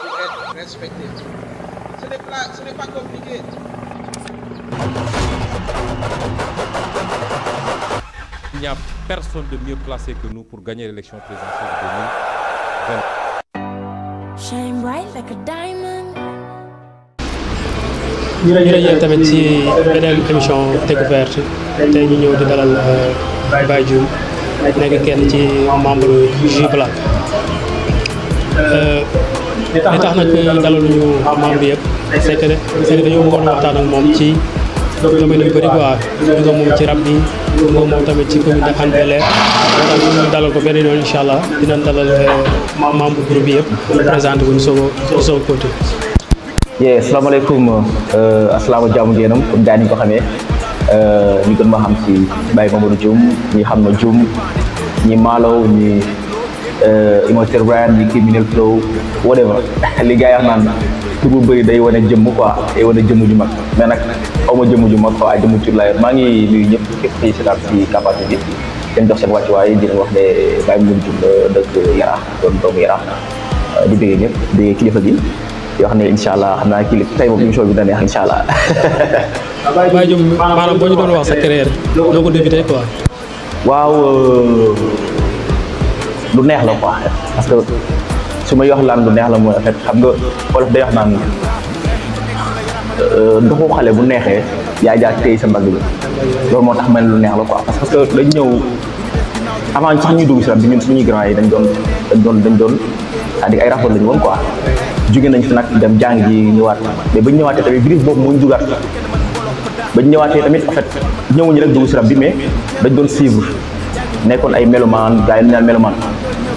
pour être respecté. Ce n'est pas, compliqué. Il n'y a personne de mieux placé que nous pour gagner l'élection présidentielle de 2020. Shine bright like a diamond. ñu ngi lay émission découverte tey ñu ñëw di dalal euh, Baye Dioum nekk kenn ci membre J Black. Euh, li tax nag ñu membre bi yëpp c'est que c'est que dañoo waxtaan ak moom ci domaine yu bëri quoi ñu nga moom ci rab bi moom tamit ci commune de Hann Bel-Air dalal ko beneen yoon incha allah dinañ dalal euh, membre groupe bi yëpp présenté ko euh, ñu soog a soog a côté. yee jaamu jeenam comme gaa ni ko xamee euh, ñu gën ma xam si Baye Mamadou Dioum ñi xam na Dioum ñi Malaw ñi. Immature Brand di Criminal Flow whatever li gars yi wax naan tur bu bëri day wane jëmm quoi day wane jëmm ju mag mais nag aw ma jëmm ju mag quoi jëmm tur laa yor maa ngi nuyu ñëpp képp ci seetaan ci Capa TV seen jox seen wàccuwaay di leen wax ne Baye Mouride Diouf la dëkk Yaraax doon doomu Yaraax euh, di bëggee ñëpp di kilifa gi di wax ne incha allah xam naa kilifa tey moom émission bi dina neex incha allah. Baye Diouf maanaam boo ñu doon wax sa carrière doo ko débuté quoi. waaw. Euh, lu neex la quoi parce que su ma yox laan lu neex la mooy en fait xam nga wolof day wax naan euh, doxu xale bu neexee yaa jaar téy sa mbag bi loolu moo tax man lu neex la koi parce que dañ ñëw avant sax ñuy dugg si rab bi ñun suñuy yi dañ doon dañ doon doon c'est-à-dire ay rapport lañu woon quoi nañ fi nag dem jàng ji ñëwaat mais bañ ñëwaatee tamit griff boobu moo ñu bañ ñëwaatee tamit ñëwuñu rek dugg si rab bi mais dañ doon suivre nekkoon ay melomaan gars yi naan melomaan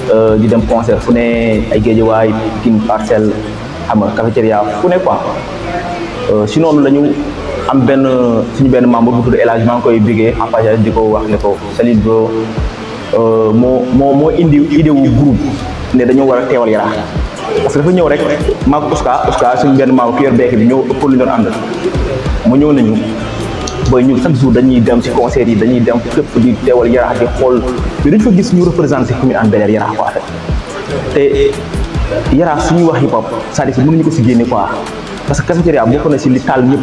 Eh, di dem concert fune ne ay way kin parcel xam cafeteria fune ne quoi euh sinon lañu am eh, ben suñu ben membre bu tudd élage mang koy bigee en page diko wax ne ko salid bro eh, moo mo mo indi idée wu groupe ne dañu wara téwal yara parce que dafa ñëw rek ko Ouska Ouska suñu ben membre pierre bekk bi ñëw ëpp lu ñu and ànd mu ñëw nañu boy ñu chaque jour dañuy dem ci concert yi dañuy dem fepp di téwal yara di xol mais dañ fa gis ñu représenté ku en Bel Air Yaraax quoi te Yaraax suñuy wax hip hop c'est-à-dire mënuñu ko si génne quoi parce que cafétéria bokk na si li taal ñëpp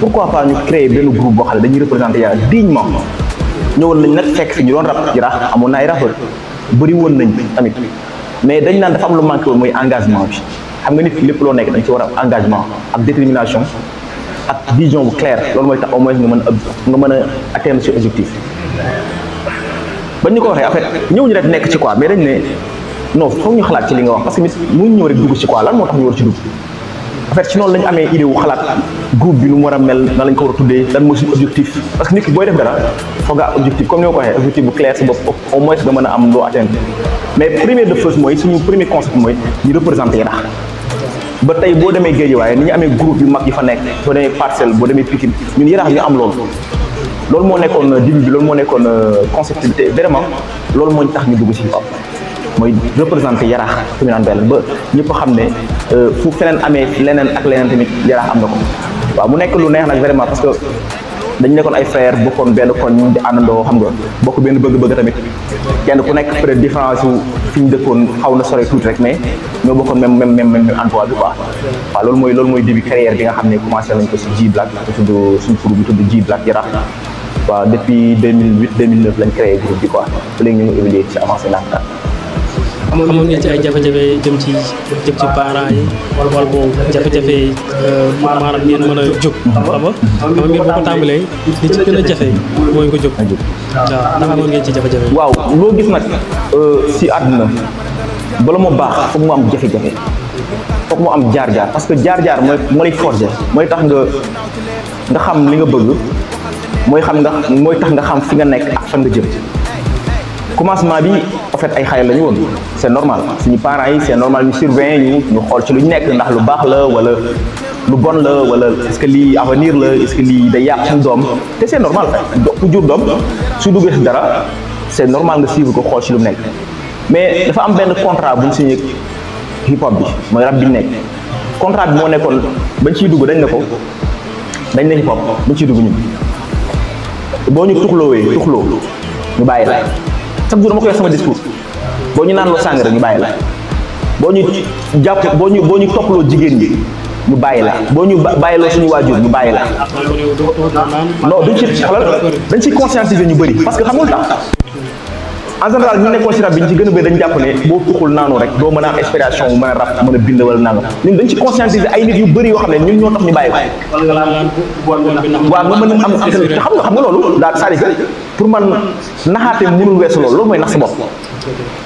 pourquoi pas ñu créer benn groupe boo xam ne dañuy représenté Yaraax dignement ñëwoon nañ nag fekk fi ñu doon rap Yaraax amoon na ay rappeur bëri woon nañ tamit mais dañ naan dafa am lu manqué woon mooy engagement bi xam nga nit lépp loo nekk dañ ci war a engagement ak détermination ak vision bu claire loolu mooy tax au moins nga mën a nga mën a atteindre ce objectif bañ ñu ko waxee en fait ñëw ñu rek nekk ci quoi mais dañ ne non foog ñu xalaat ci li nga wax parce que mu ñëw rek dugg ci quoi lan moo tax ñu war ci dugg en fait ci noonu lañu amee idée xalaat groupe bi nu mu war a mel nan lañ ko war tuddee lan mooy suñu objectif parce que nit ki booy def dara foog nga objectif comme ni ma a am loo atteindre mais première de first mooy suñu premier concept mooy ñu ba tey boo demee Géejawaay ni ñu amee groupe yu mag yi fa nekk boo demee Parcelles boo demee Pikine ñun Yaraax ñu am loolu loolu moo nekkoon euh, début bi loolu moo nekkoon concept bi te loolu moo ñu tax ñu dugg si hip mooy représenté yaraax fi mu naan ba ñëpp xam ne euh, fu feneen amee leneen ak leneen tamit yaraax am na ko waaw mu nekk lu neex nag vraiment parce que dañ nekkoon ay frère bokkoon benn koñ ñu xam nga bokk benn bëgg-bëgg tamit kenn ku nekk peut-être différence su fi ñu dëkkoon xaw na sore tuuti rek mais ñoo bokkoon même même même même endroit bi quoi waaw loolu mooy loolu mooy début carrière bi nga xam ne commencé nañ ko si J Black tudd suñu bi tudd J Black yaraax waaw depuis 2008 2009 lañ créé groupe bi quoi ba léegi ñu ngi évolué ci ay jafe-jafe ci jëm ci parents yi wala wala boobu jafe-jafe yi euh, maanaam a jóg. xam nga xam ko tàmbalee a jafe mooy ko jóg. ci jafe waaw loo gis nag euh, si àdduna bala mu baax foog mu am jafe-jafe mu am jaar-jaar parce que jaar-jaar mooy moo lay mooy tax nga nga xam li nga bëgg. mooy xam nga mooy tax nga xam fi nga nekk ak fan nga jëm commencement bi en fait ay xale la ñu woon c'est normal suñu parents yi c'est normal ñu ñu xool ci lu ñu nekk ndax lu baax la wala lu bon la wala est que lii avenir la est lii day yàq suñu doom te c'est normal ku jur doom su duggee si dara c'est normal nga suivre ko xool ci lu nekk mais dafa am benn contrat bu ñu signé hip hop bi mooy rap bi nekk contrat bi moo nekkoon bañ ciy dugg dañ ne ko dañ ne hip hop bañ ciy dugg ñun. boo ñu tuxloowee loo ñu bàyyi la chaque jour dama koy wax sama discours boo ñu naan loo sàngara ñu bàyyi la boo ñu jàpp boo ñu boo ñu topploo jigéen ñi ñu bàyyi la boo ñu bàyyiloo suñu waajur ñu bàyyi la non duñ ci xalal dañ ci conscientiser ñu bëri parce que xamul tax en général ñu nekkoon si rab ñu ci gën a bëri dañu jàpp ne boo tuxul naanu rek doo mën a am inspiration mën a rab mën a bind wala naanu ñun dañ ci conscientiser ay nit ñu bàyyi ko waaw nga mën a am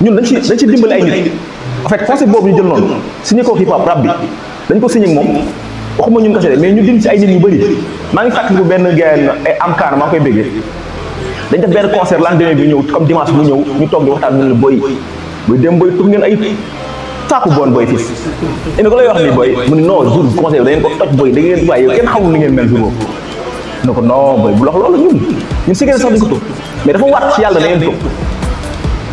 dañ ci dañ ci ay nit yu bëri maa ngi fàttaliku benn gars ay maa koy béggee dañ def benn concert lendemain bi ñëw comme dimanche bu ñëw ñu toog di waxtaan ñu ne booy booy dem booy tur ngeen ay saaku bon booy fii ina ko lay wax ni booy mu ne non jour concert bi ko toj booy da ngeen waaye yow kenn xamul ni ngeen mel jour boobu ne ko non booy bu lox loolu ñun ñun si ngeen sax duñ ko tur mais dafa waat ci yàlla na ngeen tur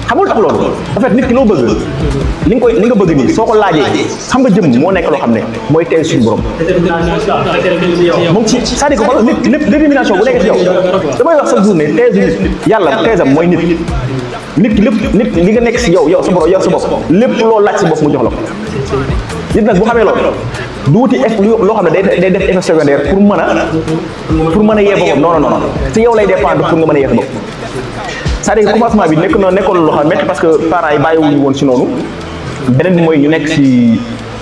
xamul tax loolu en fait nit li nga koy li nga bëgg nii soo ko laajee xam nga jëm moo nekk loo xam ne mooy suñu borom mu ngi ci cest à lépp bu nekk ci yow damay wax chaque jour ne teesu nit lépp nit nga nekk si yow yow sa borom yow sa lépp loo laaj si bopp mu jox la ko nit nag bu xamee loolu du wuti eff loo xam ne day def effet secondaire pour mën a pour mën a yee boppam non non si yow lay dépendre pour nga mën a yee sa cest à commencement bi nekk na nekkoon loo xam métti parce que parents yi bàyyiwuñu woon si noonu beneen bi mooy ñu nekk si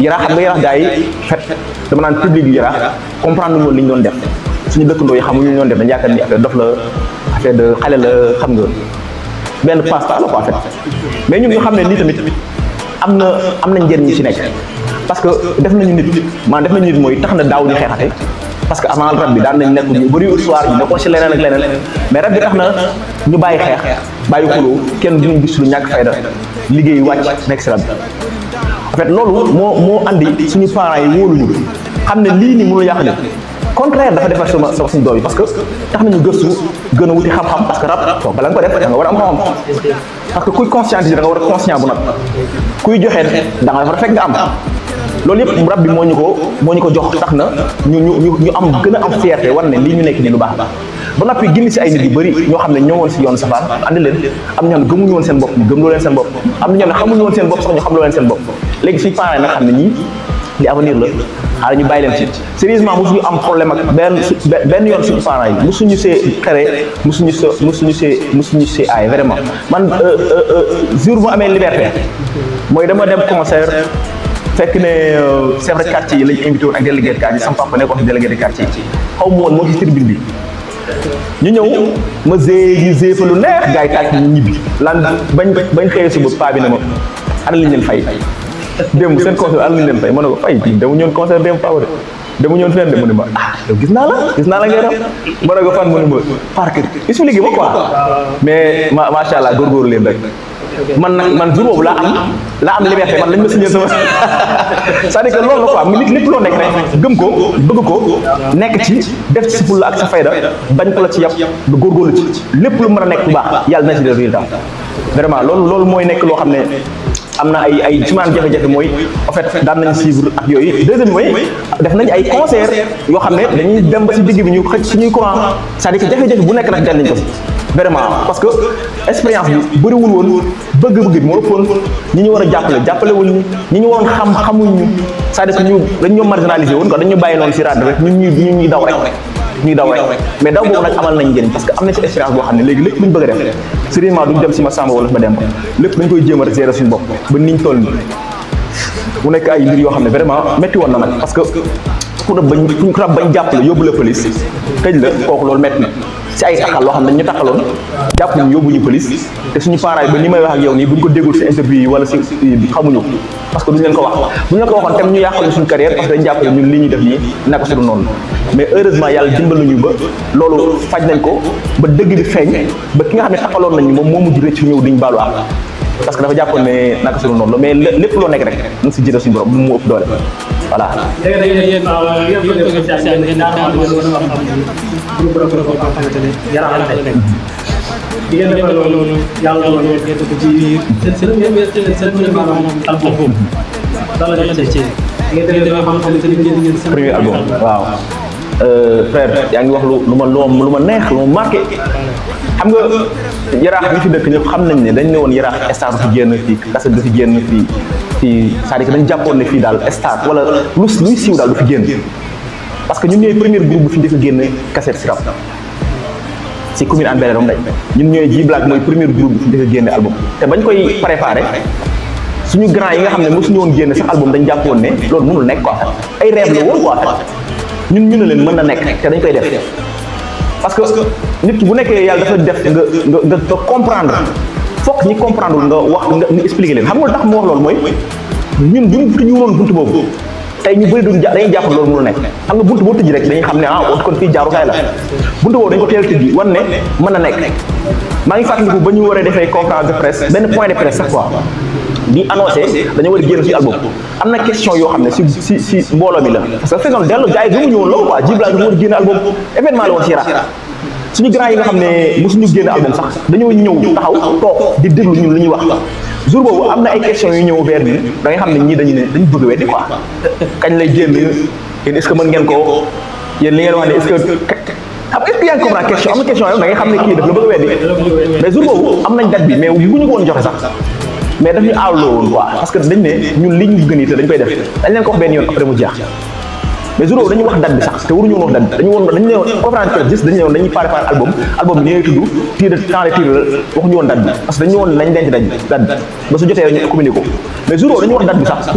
yaraax xam nga yaraax gars yi fet dama naan public bi yaraax comprendre woon li ñu doon def suñu dëkkandoo yi xamuñu ñu doon def dañu yaakaar ni affaire dof la affaire de xale la xam nga benn pasta la quoi en fait mais ñun ñu xam ne lii tamit am na am na njëriñ ci nekk parce que def nañu nit maanaam def nañu nit mooy tax na daaw ñu xeexate parce que amal rab bi daan nañ nekk ñu bari histoire yi nekkoon ci leneen ak leneen mais rab bi tax na ñu bàyyi xeex bàyyi xuloo kenn duñu gis lu ñak fayda liggey wacc nek rab bi en fait lolu mo mo andi suñu parents yi wolu ñu xamne li ni mënu yàq contraire dafa defal sama sama suñu doom parce que tax nañu gëstu gëna wuti xam-xam parce que rab bon balang ko def da nga wara am xam parce que kuy conscientiser da nga wara conscient bu nak kuy joxe da nga wara fek nga am loolu yëpp rab bi moo ñu ko moo ñu ko jox tax na ñu ñu ñu am gën a am fierté war ne lii ñu nekk nii lu baax la ba noppi gindi si ay nit yu bëri ñoo xam ne ñoo woon si yoon safaan ànd leen am na ñoo xam ne gëmuñu woon seen bopp ñu gëm loo leen seen bopp am na ñoo xam ne xamuñu woon seen bopp sax ñu xam loo leen seen bopp léegi suñu parents nag xam ne ñii li avenir la xaar ñu bàyyi leen ci sérieusement mosuñu am problème ak benn su benn yoon suñu parents yi mosuñu see xere mosuñu see mosuñu see mosuñu see ay vraiment man euh, euh, euh, jour bu amee liberté mooy dama dem concert fekk ne euh, chef quartier yi la ñu invité woon ak délégué de quartier sama papa nekkoon si délégué quartier yi xaw ma woon moo ci tribune bi ñu ñëw ma zéegi zée fa lu neex gars yi tàcc ñibbi lan bañ bañ xëyee suba paa bi ne ma ana lañ leen fay démb seen concert ana lañ leen fay ma ne ko fay dama ñoon concert démb paa de dama ñëwoon feneen de mu ne ma ah gis naa la gis naa la ngay def ma ne ko fan mu ne ma parc expliqué ma quoi mais macha allah góorgóorlu leen rek man nag man jour boobu laa am laa am liberté man lañ ma signé sama c'est-à-dire que loolu la quoi mu nit lépp loo nekk rek gëm ko bëgg ko nekk ci def ci fulla ak sa fayda bañ ko la ci yàpp nga góorgóorlu ci lépp lu mën a nekk bu baax yàlla na ci def résultat vraiment loolu loolu mooy loo xam ne am na ay ay ci maanaam jafe mooy en fait daan nañ suivre ak yooyu mooy def nañ ay concert yoo xam ne dañuy dem ba si digg bi ñu xëcc suñuy courant c'est-à-dire jafe-jafe bu nekk nag dal vraiment parce que expérience bi bëriwul woon bëgg-bëgg bi moo ëppoon ñi ñu war a jàppale jàppale wuñ ñu ñu ñu waroon xam xamuñu c'est-à-dire que ñu dañ ñoo marginalisé woon quoi dañ ñu bàyyi noonu si raad rek ñun ñuy ñun daw rek mais daw boobu nag amal nañ njëriñ parce que am na ci expérience boo xam ne léegi lépp luñ bëgg a def sérieusement duñ dem si ma sàmba wala ma dem lépp dañ koy jéem a rek gérer suñu bopp ba niñ toll nii mu nekk ay mbir yoo xam ne vraiment métti na nag que ku rab bañ ku rab bañ jàppale yóbbu si ay taxal loo xam ne ñu taxaloon jàpp ñu yóbbu ñu police te suñu parents ba ni may wax ak yow nii buñ ko déggul si interview yi wala si xamuñu parce que duñ leen ko wax buñ ñu yàqal ñu suñu carrière parce que dañ jàpp ñun li ñuy def nii naka suñu noonu mais heureusement yàlla dimbal nañu ba loolu faj nañ ko ba dëgg bi feeñ ba ki nga xam ne taxaloon nañu moom moo mujj rëcc ñëw diñ baalu àq parce que dafa jàppoon ne naka suñu noonu mais lépp loo nekk rek nañ si jëlee suñu borom mu ëpp voilà. léegi nag yéen di ngeen defal loolu yàlla loolu ngeen def ci biir seen seen seen seen premier album album daal la ci ci ngeen defee xam-xam te ngeen ngeen seen premier album waaw euh, frère yaa ngi wax lu lu ma lu ma neex lu ma marqué xam nga yaraax ñi fi dëkk ñëpp xam nañ ne dañ ne woon yaraax stage bi génn fii kaset bi fi génn fii fii c'est-à-dire que dañ jàppoon ne fii daal stade wala lu luy siiw daal du fi génn parce que ñun ñooy premier groupe bu fi njëkk génn cassette si rap si commune Hann Bel-Air dañ ñun ñooy J Black mooy premier groupe bu fi njëkk génn album te bañ koy préparé suñu grand yi nga xam ne mosuñu woon génn sax album dañ jàppoon ne loolu mënul nekk quoi ay rêve la woon quoi ñun ñu ne leen mën na nekk te dañ koy def parce que nit ki bu nekkee yàlla dafa def nga nga nga comprendre foog ñi comprendre nga wax nga expliquer leen xam nga tax mu wax loolu mooy ñun duñ tëju woon buntu boobu tey ñu bëri duñ dañuy jàpp loolu mënul nekk xam nga buntu boo tëj rek dañuy xam ne ah kon fii jaarukaay la buntu boobu dañ ko teel mën na nekk maa ngi fàttaliku ba ñu war a defee conférence de presse benn point de presse chaque fois di annoncé dañoo war génn ci album am na question yoo xam ne si si si mbooloo mi la parce que fekkoon dellu gars yi gëmuñu woon loolu quoi Djiby Lal dañu war a génn album événement suñu grand yi nga xam ne mosuñu génn àdduna sax dañoo ñëw taxaw toog di déglu ñun lu ñuy wax jour boobu am na ay questions yu ñëw vers bi da nga xam ne dañu ne dañu bëgg weddi quoi ngeen ko yéen li xam ne kii daf la bëgg weddi mais jour am nañ date bi mais joxe sax mais daf ñu aawloo woon parce que dañ ne ñun li ñu gën yi te dañ koy def dañ leen ko wax benn yoon après mu jeex mais Zoro dañu wax date bi sax te waruñu woon wax date bi dañu woon dañu ne conférence presse dañu ne woon dañuy préparé album album bi ni ngay tudd tiir temps de tiir la woon date bi parce que dañu woon nañ denc date bi date bi ba su jotee ñu communiqué dañu ak ak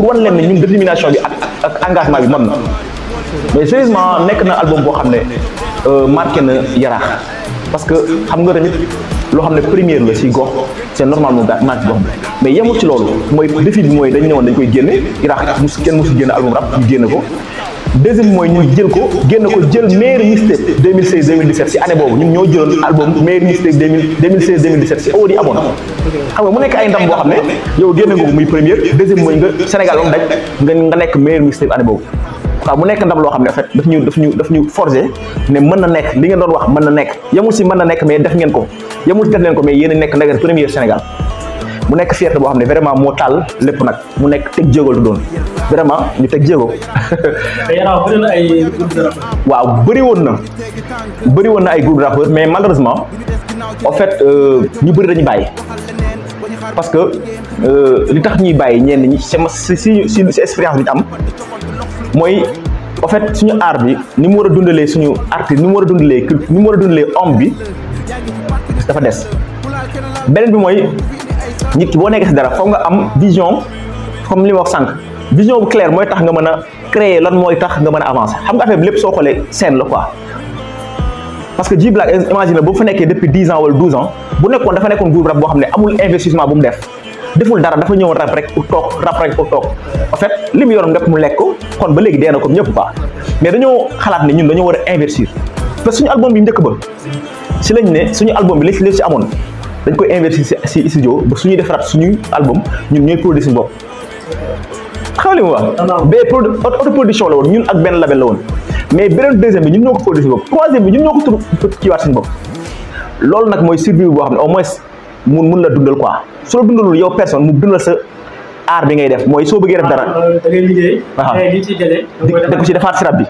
boo xam ne euh, marqué na yaraax que xam nga tamit loo xam ne première la si gox c'est normalement gaa naat si gox bi woon dañ koy génne yaraax mus kenn mosu génn album rap ñu génn ko deuxième mooy ñu jël ko génn ko jël meilleur mixtape 2016 2017 si année boobu ñun ñoo jëloon album meilleur mixtape 2016 2017 si awadi amoon xam nga mu nekk ay ndam boo xam ne yow génn nga ko muy première deuxième mooy nga Sénégal moom nga nekk meilleur mixtape année boobu nekk ndam loo xam ne en daf ñu daf ñu daf ñu forger ne na nekk li ngeen doon wax mën na nekk yemul si mën na nekk mais def ngeen ko yemul si def ngeen ko mais yéen a nekk ndagar première Sénégal mu nekk fierté boo xam ne vraiment moo taal lépp nag mu nekk teg jéego lu doon vraiment ñu teg jéego. waaw bëri woon na bëri woon na ay groupe de rappeurs mais malheureusement en fait euh, ñu bëri dañu bàyyi. parce que euh, li tax ñuy bàyyi ñenn ñi sama si si si expérience bi ñu am mooy en fait suñu aar bi ni mu war a dundalee suñu artiste ni mu war a dundalee culture ni mu war a dundalee om bi dafa des beneen bi mooy nit ki boo nekkee si dara foog nga am vision comme li ma wax sànq vision bu claire mooy tax nga mën a créer lan mooy tax nga mën a avancer xam nga affaire bi lépp soo xoolee scène la quoi. parce que J Black imagine bu fa nekkee depuis dix ans wala douze ans bu nekkoon dafa nekkoon groupe rap boo xam ne amul investissement bu mu def deful dara dafa ñëwoon rap rek u toog rap rek pour toog en fait li mu yoroon rek mu lekk kon ba léegi dee na ko ñëpp ko mais dañoo xalaat ne ñun dañoo war a investir parce que suñu album bi njëkk ba si lañ ne suñu album bi li si amoon. dañ koy investir si si studio ba suñuy defaraat suñuy album ñun ñooy produire suñu bopp xam ah bee pro la woon ñun ak benn label la woon mais beneen deuxième bi ñun ñoo ko produire suñu bopp troisième bi ñun ñoo ko tur kiiwaat suñu bopp loolu nag mooy survie xam ne au moins mun mun la dundal quoi dundalul yow personne mu sa aar bi ngay def mooy soo bëggee def dara waaw ah, da ah. eh, ko ci defaat sirab bi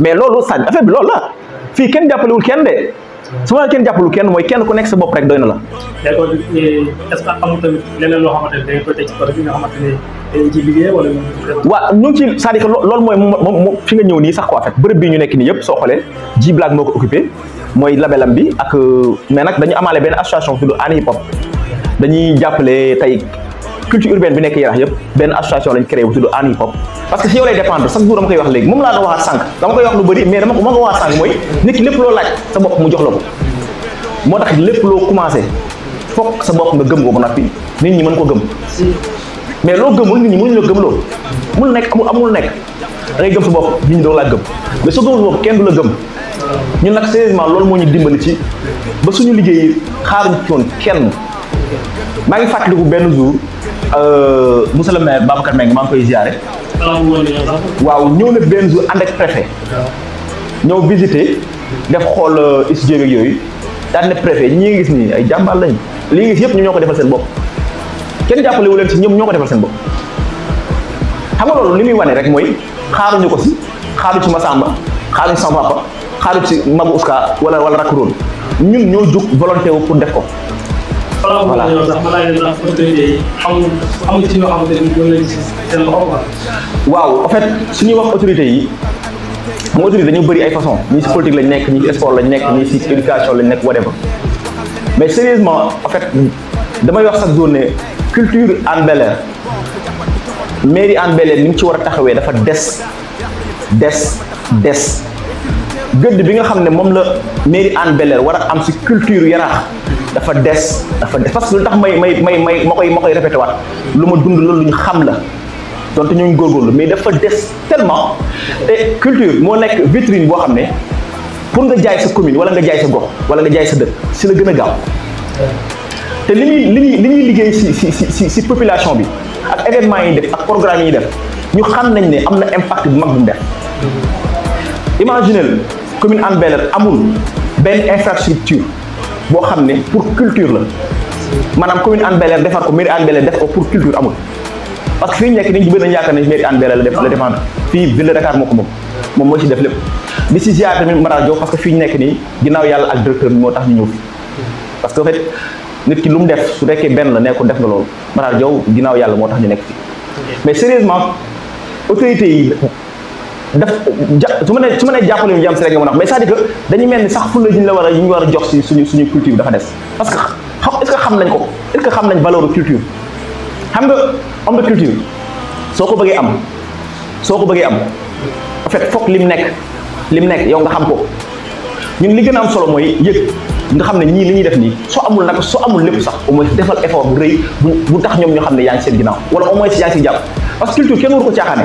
mais loolu sañ affaire bi loolu la fii kenn jàppalewul kenn de su ma kenn jàppalu kenn mooy kenn ku nekk sa bopp rek doy na la. d'accord est-ce que ci côté bi nga ngi ci cest loolu mooy moom fi nga ñëw nii sax quoi en fait bërëb bii ñu nekk nii yëpp soo xoolee ji black mooy labelam bi ak euh, mais nag dañu amaale benn association bu tudd Annie Hip Hop dañuy jàppale tey. culture urbaine bi nekk Yaraax yëpp benn association lañ créé bu tudd Hann Hip Hop parce que si yow lay dépendre chaque jour dama koy wax léegi moom laa doon waxaat sànq dama koy wax lu bëri mais dama ko ma ko waxaat mooy nit lépp loo laaj sa bopp mu jox la ko moo tax lépp loo commencé foog sa bopp nga gëm ko ba noppi nit ñi mën ko gëm mais la loolu da ngay gëm sa la gëm ñun nag sérieusement loolu moo ñu dimbali ci ba suñu liggéey xaaruñ ci woon kenn maa ngi fàttaliku benn jour Euh, monsieur le maire Babacar Mbengue maa ngi koy ziare. waaw ñëw na benn jour ànd ak préfet. ñëw visiter def xool euh, studio beeg yooyu daan ne préfet ñii ngi gis nii ay jàmbaar lañ lii ngi gis yëpp ñu ñoo ko defal seen bopp kenn jàppale wu leen ci ñoom ñoo ko defal seen bopp xam nga loolu li muy wane rek mooy xaaruñu ko si xaaru ci Massamba xaaruñu ci sama papa xaaru ci Magu Ouska wala wala Rakk Roon ñun ñoo jug volonté wu pour def ko. voilà loolu sax ma laaj la waaw en fait su ñuy wax autorité yi mu autorité dañu bëri ay façon ñii si politique lañ nekk ñii si sport lañ nekk ñii si éducation nekk whatever mais sérieusement en fait damay wax chaque jour ne culture Hann Bel-Air mairie Hann bel ci war a taxawee dafa des des des gëdd bi nga xam ne moom la mais Hann bel war a am si culture yaraax dafa des dafa des parce que lu tax may may may may ma koy ma koy répété lu ma dund loolu lu ñu xam la donte ñu ngi góorgóorlu mais dafa des tellement te culture moo nekk vitrine boo xam ne pour nga jaay sa commune wala nga jaay sa gox wala nga jaay sa dëkk si la gën a gaaw te li ñuy li ñuy li ñuy liggéey si si si si si population bi ak événement yi def ak programme yi def ñu xam nañ ne am na impact bu mag bu mu def imaginez commune Hann bel amul benn infrastructure boo xam ne pour culture la maanaam commune Hann Bel-Air defar ko mairie Hann def ko pour culture amul parce que fii ñu nekk nit ñi nañu yaakaar ne mairie Hann def la défendre fii fii ñu nekk nii ginnaaw yàlla ak directeur bi moo tax ñu ñëw fi parce que en nit ki lu mu def su nekkee benn la nekkul def nga loolu Mara Diop ginnaaw yàlla moo tax ñu nekk fi sérieusement autorités yi daf ja su ma nee su ma nee jàppale ñu jàmm si rek nga mën a mais cest à dañu mel ni sax fulla ñu la war a ñu war a jox si ñu suñu culture dafa des parce que xam est xam nañ ko est-ce que xam nañ valeur culture xam nga homme de culture soo ko bëggee am soo ko bëggee am en fait foog lim nekk lim nekk yow nga xam ko ñun li gën a solo mooy yëg nga xam ne ñii li def nii soo amul nag soo amul lépp sax au moins defal effort bu rëy bu bu tax ñoom ñoo xam ne yaa ngi seen ginnaaw wala au moins yaa ngi si jàpp parce que culture kenn waru ko caaxaane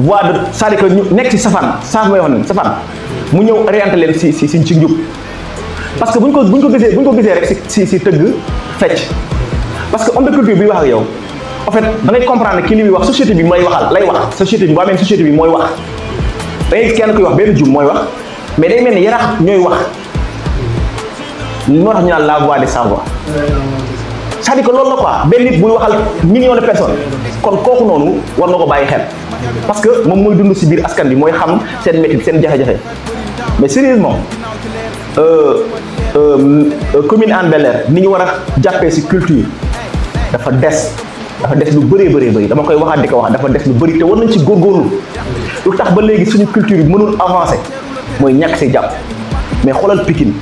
voie de c'est-à-dire nekk ci safaan saaf may wax ne safaan mu ñëw orienté leen si si si ci njub parce que bu ñu ko bu ko gisee bu ñu ko gisee rek si tëgg fecc parce que homme de culture bi wax ak yow en fait da ngay comprendre kii li muy wax société bi mooy waxal lay wax société bi boo mooy wax da ngay kenn kuy wax benn jum mooy wax mais day mel ni yarax ñooy wax moo tax ñu naan la voix des sans voix c'est-à-dire que loolu la quoi benn nit buy waxal millions de personnes kon kooku noonu war na ko bàyyi xel parce que moom mooy dund si biir askan bi mooy xam seen métti seen jafe-jafe mais sérieusement euh, euh, euh, commune en Bel ni ñu war a jàppee si culture dafa des dafa des lu bëree bëree bëri dama koy waxaat di ko wax dafa des lu bëri te war nañ ci góorgóorlu lu tax ba léegi suñu culture bi mënul avancer mooy ñàkk si jàpp mais xoolal Pikine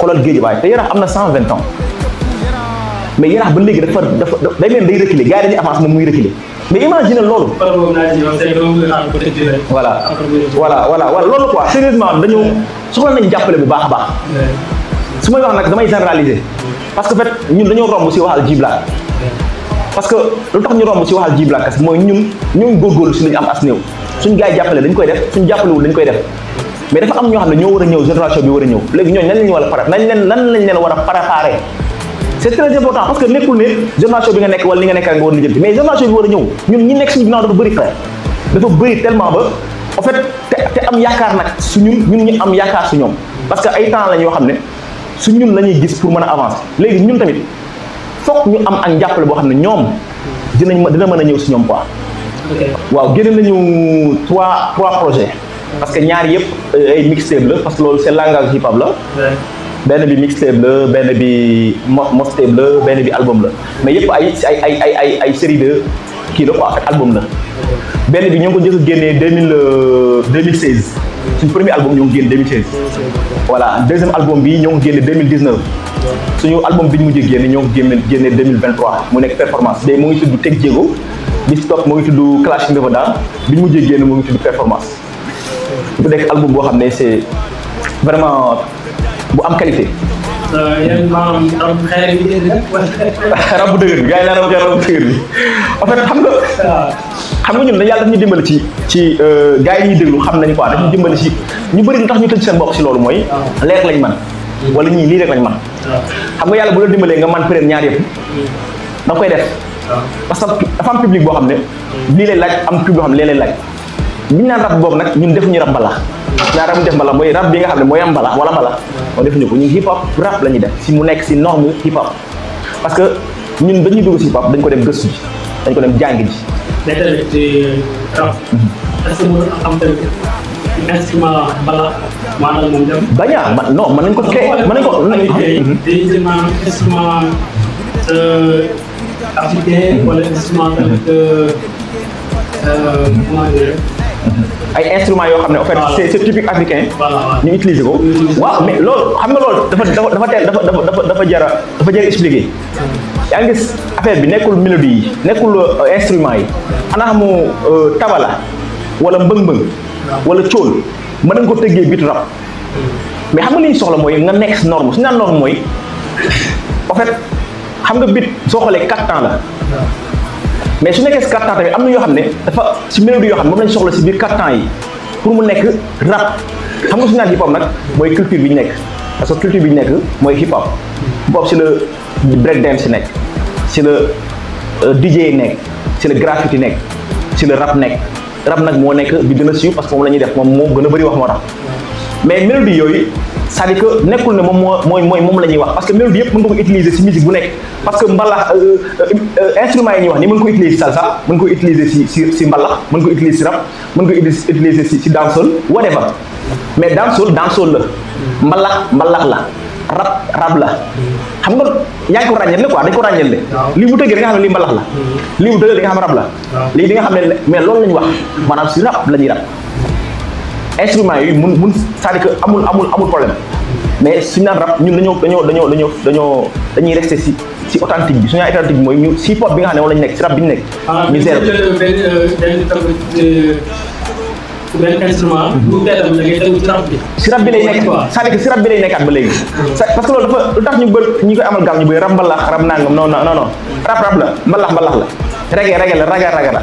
géeju Guédiawaye te Yaraax am na cent vingt ans mais Yaraax ba léegi dafa dafa day mel day reculer gars yi dañuy muy reculer mais imagine loolu. voilà voilà voilà voilà loolu quoi sérieusement dañu soxla nañu jàppale bu baax a baax. su may wax nag damay généraliser. parce que fait ñun dañoo romb si waxal jibla parce que lu tax ñu romb si waxal a kas mooy ñun ñun góorgóorlu si lu ñu am as néew suñ gars yi jàppale dañ koy def suñ jàppalewul dañ koy def mais dafa am ñoo xam ne ñoo war a ñëw génération bi war a ñëw léegi ñooñu nan lañ war a pare nan leen nan lañ a c'est très important parce que nekkul ne génération bi nga nekk wala li nga nekk nga war a jënd mais génération bi war a ñëw ñun ñi nekk suñu ginnaaw dafa bëri frère dafa bëri tellement ba en te am yaakaar nag su ñun ñun ñu am yaakaar su ñoom parce que ay temps la ñoo xam ne su ñun la ñuy gis pour mën a avancer léegi ñun tamit fokk ñu am ak njàppale boo xam ne ñoom dinañ dina mën a ñëw si ñoom quoi. waaw génne nañu trois trois projets. parce que ñaar yëpp euh, ay mixtape la parce que loolu c'est langage hip hop benn bi mixtape la benn bi mostable la benn bi album la mais yëpp ay ay ay ay ay ay série de kii la quoi en fait album la benn bi ñu ngi ko njëkk a génnee deux mille euh, deux mille seize suñu premier album ñu ngi génne deux mille seize voilà deuxième album bi ñu ngi génne deux mille dix neuf suñu album bi ñu mujjee génne ñoo ngi génne génne deux mille vingt trois mu nekk performance day mu ngi tudd Teg Jéego bi ci topp mu ngi tudd Clash Nevada bi ñu mujjee génne mu ngi tudd performance bu nekk album boo xam ne c'est vraiment. bu am qualité. yéen maanaam rab xeer bi dëgër bi. bi gars yi naan rab dëgër bi en fait xam nga. xam nga ñun na yàlla daf ñu dimbali ci ci euh, gars yi ñuy déglu xam nañu quoi daf ñu dimbali ci ñu bëri ñu tax ñu tëj seen bopp si loolu mooy. leer lañ man wala ñii lii rek lañ man xam nga yàlla bu la dimbalee nga man peut ñaar yëpp. da koy def. parce que dafa am public boo xam ne. lii lay laaj am public boo xam ne lee lay laaj. biñ naan rab boobu nag ñun defuñu rab mbalax naa rab def mbalax mooy rab bi nga xam ne am mbalax wala mbalax moo defuñu ko ñun hip hop rap la ñuy def si mu nekk si norme hip hop parce que ñun dañuy dugg si hip hop dañ ko dem gëstu ji dañ ko dem jàng ji mais rap mhm. est que mënu am tamit banyak, mbalax maanaam man ko créé mën ko dañuy ay instruments yoo xam ne en fait c'est c'est typique africain ñu utiliser ko waaw mais loolu xam nga loolu dafa dafa dafa teel dafa dafa dafa jara dafa jara expliquer yaa ngi gis affaire bi nekkul mélodie yi nekkul euh, instruments yi xanaa xamu euh, tabala wala mbëng-mbëng wala cóol mën nañ ko tëggee bitu rap mais xam nga li soxla mooy nga nekk si norme su ñu naan mooy en xam nga bit soo xoolee quatre temps la mais su nekkee si quatre temps tamit am na yoo xam ne dafa si mélodie yoo xam ne moom lañ soxla si biir quatre temps yi pour mu nekk rap xam nga su ñu naan hip mooy culture bi ñu nekk parce que culture bi nekk mooy hip hop hip hop si la break dance nekk si la euh, DJ nekk si la graffiti nekk si la rap nekk rap nag moo nekk bi gën a parce que moom la ñuy def moom moo gën a bëri wax moo rap mais mélodie yooyu. cest à que nekkul ne moom moo mooy mooy moom la wax parce que mélodie yëpp mën nga ko utiliser si musique bu nekk parce que mbalax euh, euh, euh, instruments yi ñuy wax ni mën nga ko utiliser si salsa mën nga ko utiliser si si si mbalax mën nga ko utiliser si rap mën nga ko utiliser si si dancehall whatever mais dancehall dancehall la mbalax mbalax la rap rap la xam nga yaa ngi ko ràññeel quoi dañ ko ràññeel lii bu tëggee da nga xam ne lii mbalax la mm-hmm. lii bu tëggee da nga xam ne rap la lii di nga xam ne mais loolu la ñu wax maanaam si rap la ñuy rap instrument yi mun mun sadik amul amul amul problème mais suñu naan rap ñun dañu dañu dañu dañu dañu dañuy rester ci ci authentique bi suñu authentique moy mooy ñu si pop bi nga xam wala moom lañ nekk rap bi ñu nekk. Ah, ñu zéro ben euh, instrument bu tey tam ngay tegu ci rap bi ci rap bi lay nekk sadik ci rap bi lay nekkaat ba léegi hmm. parce que lolu dafa lu tax ñu bër ñi koy amal gam ñu bëri rap mbalax rap nangam non non non rap rap la mbalax mbalax la Raga raga ragal raga la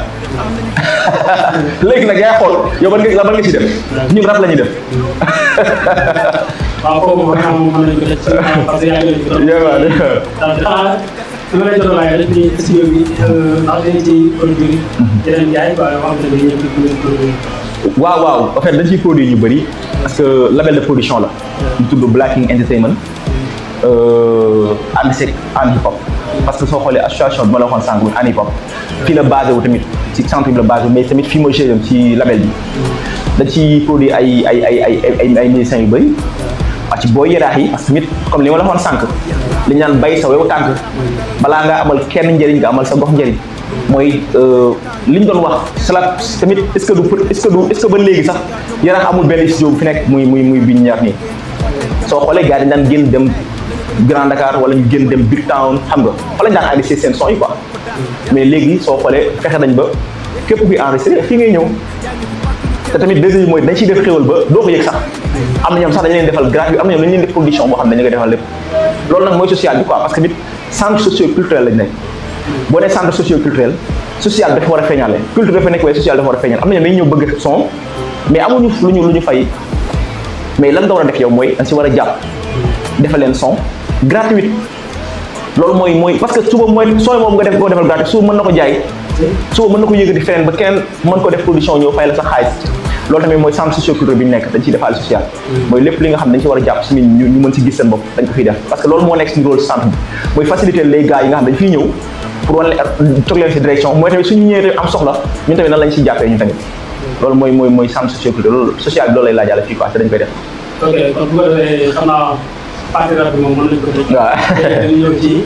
léegi nag yaa yow ban nga ban nga ci def ñun rap la def waaw foofu moom xam moom mën nañu def ci parce que yaa ngi ko lu may doon waaye rek ni studio bi ndax dañ ciy produire yeneen jaay quoi yoo xam ne ñëpp di waaw waaw en fait dañ produit ñu parce que label de production la ñu Entertainment ànd si ànd hip hop parce que soo xoolee association bi ma la waxoon sànq muy Anipop fii la basé tamit ci centre bi la basé mais tamit fii mooy chef ci da ci produit ay ay ay ay ay ay yu bëri waa ci booy yaraax yi parce que tamit comme li ma la sànq li naan bay sa wew tànk balaa amal kenn njëriñ amal sa gox njëriñ mooy euh, li ñu doon wax cela tamit est ce que du est ce du est ce ba léegi sax yaraax amul benn studio bu fi nekk muy muy muy biñ ñaar nii soo xoolee gars yi dañ génn dem Grand Dakar wala ñu génn dem Big Town xam nga fa lañ daan enregistré seen son yi quoi mais léegi soo xoolee fexe nañ ba képp kuy enregistré fii ngay ñëw te tamit deuxième mooy dañ ciy def xéwal ba doo ko yëg sax am na ñoom sax dañ leen defal grâce am na ñoom dañ leen def boo xam ne dañu koy defal lépp loolu nag mooy social bi quoi parce que nit centre socio culturel lañ nekk boo nee centre socio culturel social dafa war a feeñaale culture dafa nekk waaye social dafa war na ñoom dañu ñëw bëgg son mais amuñu lu ñu lu ñu fay mais lan nga war a def yow mooy dañ si war a jàpp defal leen son gratuite loolu mooy mooy parce que suba mooy sooy moom nga def koo defal gratuite suba mën na ko jaay suba mën na ko yëkkati feneen ba keneen mën ko def production ñëw fay la sa xaalis loolu tamit mooy centre socioculture bi ñu nekk li nga xam dañ a jàpp si ñu ñu mën si gis seen bopp dañ ko fiy def parce moo nekk suñu rôle centre bi mooy faciliter am soxla ñun tamit nan lañ si jàppee ñu tamit loolu mooy mooy social bi loolu lay laajaale fii quoi te dañ koy def partie bi moom mën ko dégg. waaw dañu ñëw ci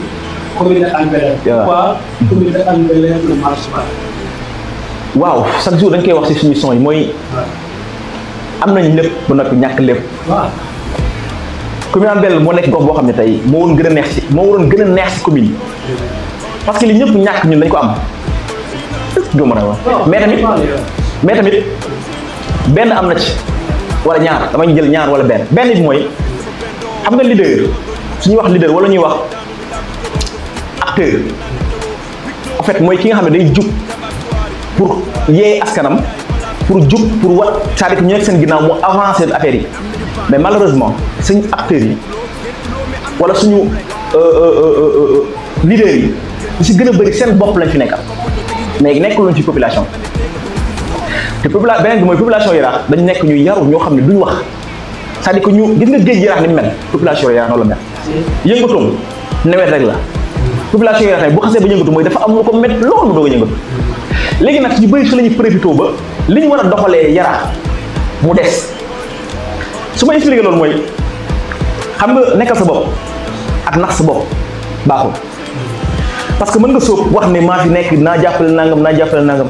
commune jour dañ koy wax si suñu son yi mooy. am nañ lépp ba noppi ñàkk lépp. waaw. commune hann moo nekk gox boo xam ne tey moo woon gën a neex si gën a neex si commune parce que li ñëpp ñàkk ñun dañ ko am. du mën a wax mais benn am na ci wala ñaar damay jël ñaar wala benn benn bi mooy. xam nga leader suñuy wax leader wala ñuy wax acteur en fait mooy ki nga xam ne day jub pour yee askanam pour jub pour wat c'est-à-dire que ñu nekk seen ginnaaw mu avancer affaire yi mais malheureusement suñu acteurs yi wala suñu euh, euh, euh, leaders yi ñu si gën a bëri seen bopp lañ fi nekkal mais nekkul luñ ci population te popula beneen bi mooy population yi dañ nekk ñu yaru ñoo xam ne duñ wax. c'est-à-dire ñu gis nga géej yaraax ni mel population yaraax noonu la mel yëngatum nawet rek la population yaraax nag bu xasee ba yëngatu mooy dafa am lu ko met loolu mu léegi nag ñu bëri la ñuy profité ba li ñu war a doxalee yaraax mu des su ma expliqué loolu mooy xam nga nekkal sa bopp ak nax sa bopp baaxul parce que mën nga sóob wax ne maa nekk naa jàppale nangam naa jàppale nangam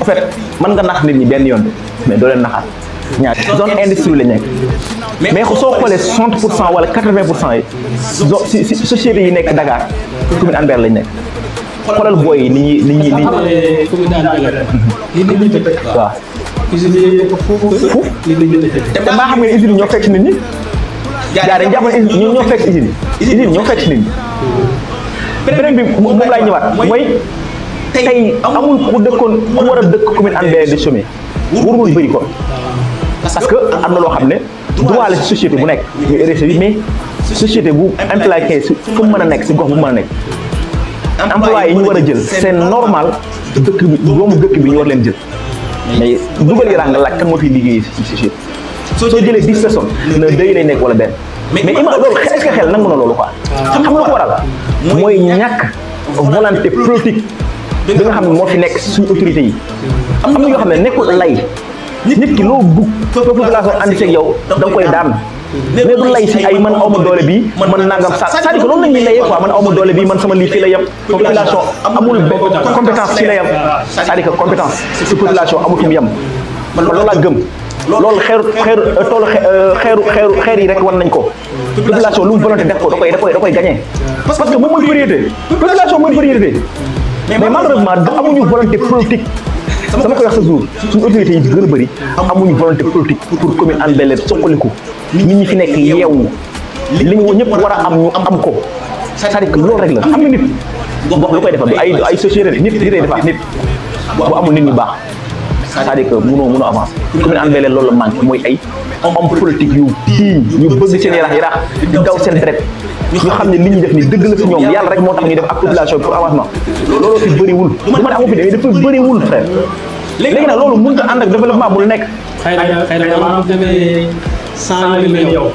en fait mën nga nax nit ñi benn yoon mais doo leen naxaat ñaari zone industrie la nekk mais soo xoolee soixante pour cent wala quatre vingt pour cent yi zone si si société yi nekk Dakar commune Anbert lañ nekk xoolal booy yi ni ñuy ni ñuy ni waaw foofu te maa xam nga usine ñoo fekk nit ñi jaare jàpp na usine ñoo fekk usine usine ñoo fekk nit ñi beneen bi moom laay ñëwaat mooy tey amul ku dëkkoon ku war a dëkk commune Anbert di chômer warul bëri ko parce que am na loo xam ne droit la ci société bu nekk ñu RSE bi mais société bu impliqué si fu mu mën a nekk si gox bu mën a nekk employé yi ñu war a jël c'est normal dëkk bi doomu dëkk bi ñu war leen jël mais dugal yaraax nga laaj kan moo fiy liggéey si société soo jëlee dix personnes na day lay nekk wala benn mais ima loolu est-ce que xel nangu na loolu quoi ah. xam nga ko waral mooy ñàkk volonté politique bi nga xam ne moo fi nekk si autorité yi am na yoo xam ne nekkul lay nit ki loo bugg population andi seeg yow da koy daan mais du lay si ay man aw ma doole bi man nangam sa cest à loolu la layee quoi man ma doole bi man sama lii fii la yem population amul compétence fii la yem c'est-à-dire que compétence si population amul fi man loolu gëm loolu xeeru xeeru euh, toolu euh, xeeru xeeru xeer yi rek wan nañ ko population lu mu volonté def ko da koy da koy da koy gagné parce que moom mooy priorité amuñu volonté politique dama koy wax sa jour suñu autorités yi gën a bëri amuñu volonté politique pour commune Hann Bel-Air soqaliku nit ñi fi nekk yeewu li ñu ñëpp war a am ñu am ko c'est-à-dire loolu rek la am na nit gox lu koy defar du ay ay société nit di koy defar nit bu amul nit ñu baax c'est-à-dire que mënoo mënoo avancer commune Hann Bel-Air loolu la manqué mooy ay xam ne li ñu def ni dëgg la fi ñoom moo tax ñu def ak population bi pour avancement looloo fi bëriwul du ma ne amu fi demee dafa bu nekk xëy na xëy na maanaam demee cent mille yow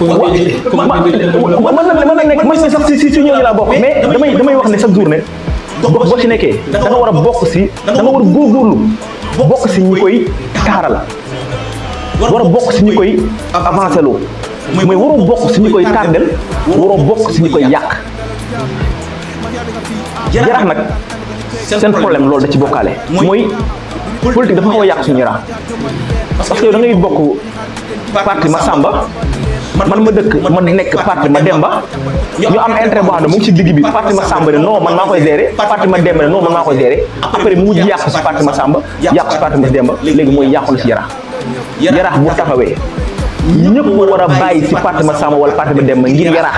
waaw man nag man nag si si si ñooñu bokk mais damay wax ne chaque jour ne gox boo si nekkee da nga war a bokk si da nga war a góorgóorlu bokk si ñu koy taaral war a bokk si ñi koy avancé loo mais waroo bokk si ñu koy tardel waroo bokk si ñi koy yàq yaraax nag seen problème loolu da ci bokkaale mooy politique dafa xaw a yàq suñu yaraax parce que yow bokk parti ma sàmba man ma dëkk ma nekk parti ma demba ñu am intérêt boo xam ne mu ngi ci digg bi parti ma sàmba ne non man maa koy gérer parti ma demba ne non man maa koy gérer après mu mujj yàqu si parti ma sàmba yàqu si parti ma demba léegi mooy yàqu la si yarax yarax bu taxawee ñëpp war a bàyyi si parti ma sàmba wala parti ma demba ngir yarax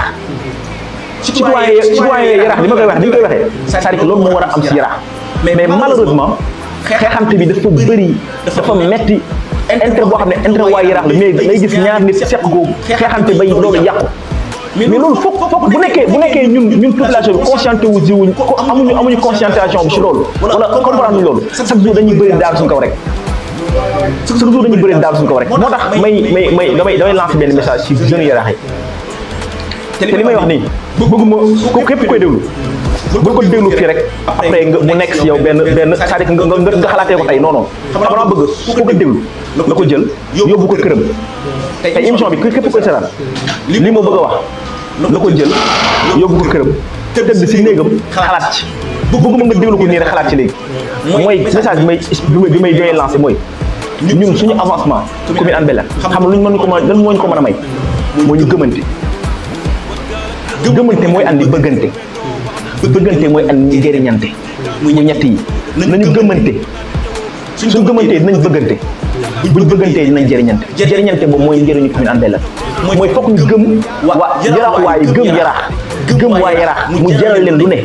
citoyen citoyen yarax li ma koy wax li ma koy waxee c'est-à-dire que loolu moo war a am si yarax mais malheureusement xeexante bi dafa bëri dafa metti intérêt boo xam ne intérêt waa Yaraax la mais day gis ñaar nit seq googu xeexante bay loolu loolu nekkee bu nekkee ñun ñun population bi consciente wu si wuñ amuñu amuñu conscientisation bi si loolu wala comprendre ñu loolu chaque jour dañuy bëri daal suñu kaw rek chaque may may may damay damay lancer benn message si jeune Yaraax yi te li may wax nii bëgguma ko képp koy déglu bul ko déglu rek après nga mu nekk yow benn benn c'est-à-dire que nga nga xalaatee ko tey non non xam nga bëgg ku ko déglu la ko jël yóbbu ko këram tey émission bi képp koy seetaan lii ma bëgg a wax la ko jël yóbbu ko këram tëdd si néegam xalaat ci bëgguma nga déglu ko nii rek ci léegi mooy message bi may bi may joyee lancé mooy ñun suñu avancement commune Hann Bel-Air xam luñ mën ko mën lan moo ñu ko mën a may moo ñu gëmante gëmante mooy andi bëggante bëggante mooy an njëriñante mu ñett yi nañu gëmante suñ gëmantee dinañ bëggante buñ bëggantee dinañ jëriñante jëriñante boobu mooy njëriñu commune Hann Bel-Aram mooy foog ñu gëm waa yaraax waaye gëm yaraax gëm waa yaraax mu jaral leen lu ne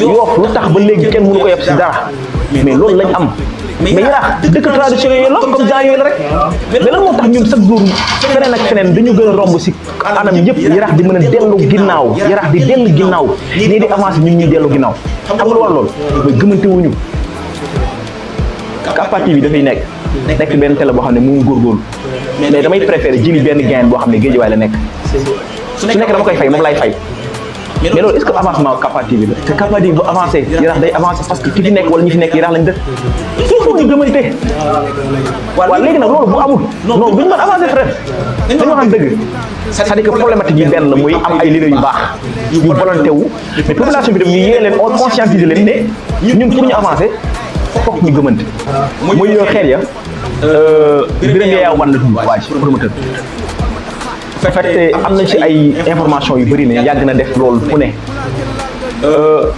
yoof lu tax ba léegi kenn mënu ko yeb si dara mais loolu lañ am mais yaraax dëkk traditionnel yooyu la comme gens yooyu la rek mais lan moo tax ñun chaque jour feneen ak feneen dañu gën a romb si anam yëpp yaraax di mën a dellu ginnaaw yaraax di dellu ginnaaw ñii de avancé ñun ñu dellu ginnaaw xam nga lool war loolu wu ñu wuñu Capa TV bi dafay nekk nekk benn télé boo xam ne mu ngi góorgóorlu mais damay préféré jëli benn gain boo xam ne géej waay la nekk su nekk dama koy fay moom laay fay mais loolu est ce que avancement Kapa TV la te Kapa TV bu avancé Yaraax day avancé parce que ki fi nekk wala ñi fi nekk ñu gëmante waaw léegi nag loolu bu amul non duñu mën avancé frère dañu waxam dëgg c'est-à-dire yi benn la muy am ay leader yu baax yu volonté wu mais population bi dem ñu yee leen on conscientiser leen ne ñun pour ñu avancé foog ñu ya euh, euh, Birame Yaya Wane la tudd waa ji promoteur fekk am nañ ci ay information yu bëri ne yàgg na def loolu fu ne euh,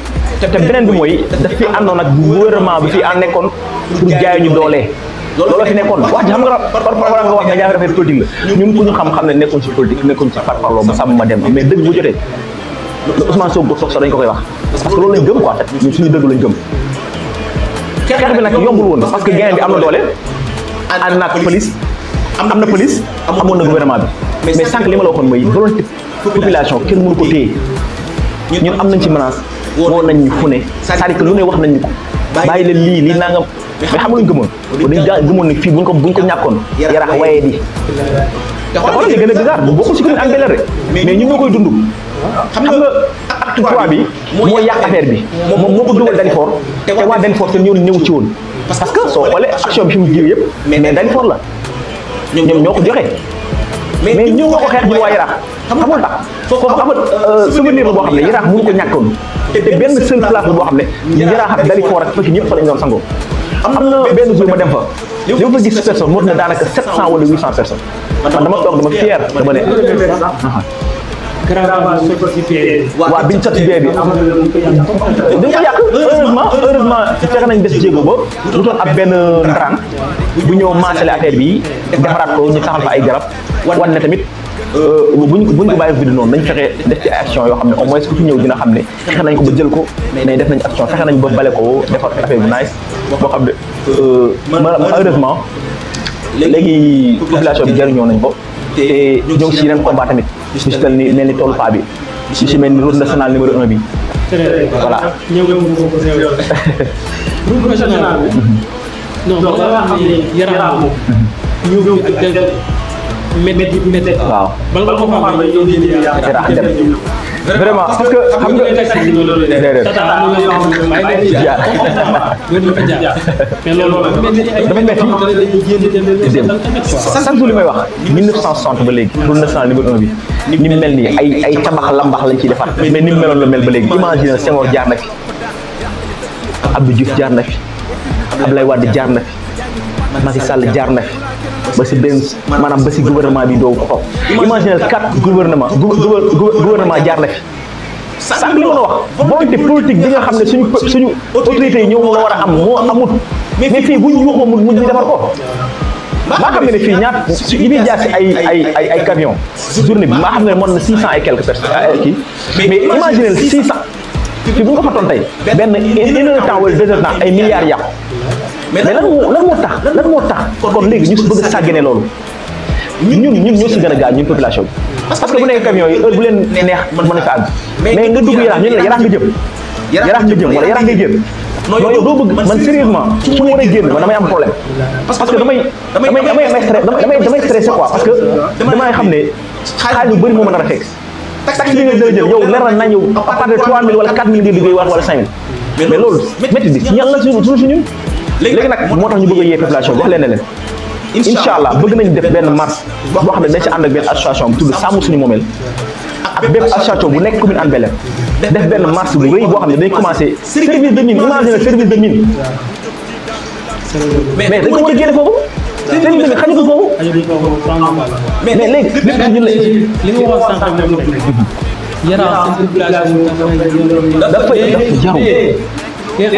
te beneen bi mooy daf fi àndoon ak gouvernement bi fi ànd nekkoon pour nekkoon wax ji xam nga par rapport nga wax nga jaay rafet politique la ku ñu xam-xam ne nekkoon ci politique nekkoon ci par parloo ba sàmm ma dem mais dëgg bu jotee ko koy wax parce que gëm quoi ñun suñu dëgg lañ gëm bi nag yombul woon parce que gain bi am na doole ànd na police am na police amoon na gouvernement bi mais sànq li ma la waxoon mooy volonté population kenn mënu ko téye ñun am nañ ci menace woo nañ ñu fu ne cest à lu ne wax nañ ñu ko bàyyi leen lii lii nangam mais xam nga lu ñu gëmoon dañ gaa gëmoon ne fii buñ ko buñ ko ñàkkoon yarax di te xoolal li gën a bizarre bu bokkul si commune ak Bel-Air mais ñun ñoo koy dund xam nga acte trois bi moo yàq bi moom moo ko dugal Dalifort te waa Dalifort seen yoon ñëw ci woon parce que soo xoolee action bi fi mu jiw yëpp mais Dalifort la ñoom ñoo ko joxe mais ñëw nga ko xeex ji waa Yaraax xamul tax foofu amul euh, euh, souvenir la boo xam ne Yaraax mënu ko ñàkkoon te benn seul place la boo xam ne Yaraax dali foor ak fëkk ñëpp fa lañ doon sangoo am na benn jour ma dem fa li ma fa daanaka wala huit cent personnes man dama toog dama fier dama ne caravane waaw biñ sotti bee bi am dañ ko yàq heureusement fexe nañ des jéego ba lu doon ab benn ndaraan bu ñëw maasale affaire bi defaraat ko ñu taxal fa ay garab wan ne tamit buñ buñ ko bàyyi vidéo noonu nañ fexe def ci action yoo xam ne au moins ku fi ñëw dina xam ne fexe nañ ko ba jël ko mais def nañ action fexe nañ ba bale ko defar affaire bu nice boo xam ne heureusement léegi population bi jëriñoo nañ ko te ñoo ngi si yeneen combat tamit ci si ni mel ni toolu paa bi ci si mel ni route nationale numéro un bi voilà route nationale bi non ba nga wax ni yaram moom ñëw bi ak métti métti waaw bala nga ko xam ne yow dem vraiment parce que xam nga déedéet. dafa métti dem sant li may wax 1960 ba léegi tour national numéro 1 bi ni mu mel nii ay ay tabax lambax lañ ciy defar mais ni mu meloon la mel ba léegi imagine Senghor jaar na fi Abdou Diouf jaar na fi Abdoulaye Wade jaar na fi Macky Sall jaar na fi ba si benn maanaam ba si gouvernement bi doo ko topp. imagine quatre gouvernement gouvernement jaar na fi. sànq li ma la wax volonté politique bi nga xam ne suñu suñu autorité yi ñëw la war a am moo amut mais fii buñ yuuxoo mu ñu defar ko maa xam ne ne fii ñaata li muy jaar si ay ay ay ay camion journée xam ne mën na six cent et quelques personnes kii mais imaginez six cent fii bu nga fa toon tey benn une heure de temps wala deux heures de ay milliards yàqu mais lan moo lan moo tax lan moo tax kon léegi ñu si bëgg a sàggane loolu ñun ñun ñoo si gën a gaañ ñun population bi parce que bu nekk camion yi heure bu leen neex mën na fa àgg mais nga dugg yaraax ñu ne la yaraax nga jëm yaraax nga jëm wala yaraax nga jëm loolu doo bëgg man sérieusement su ma war a génn man damay am problème parce que damay damay damay damay stressé quoi parce que damay xam ne xaalis bu bëri moo mën a fekk tax li nga dina jël yow leer na nañ yow à part de 3000 wala 4000 nga liggéey waat wala 5000 mais loolu métti bi ñan la suñu suñu léegi nag moo tax ñu bëgg a yee population bi wax leen ne leen incha allah bëgg nañ def benn marche boo xam ne dañ ci ànd ak benn association bi tudd sàmm suñu moomeel ak bépp association bu nekk commune Hann Bel-Air def benn marche bu rëy boo xam ne dañ commencé service de mine imagine service de mine mais dañ ko war a génne foofu service de mine xañu ko foofu mais léegi lépp ñu la li nga wax sànq moom la yaraaw seen population dafa dafa jaru No,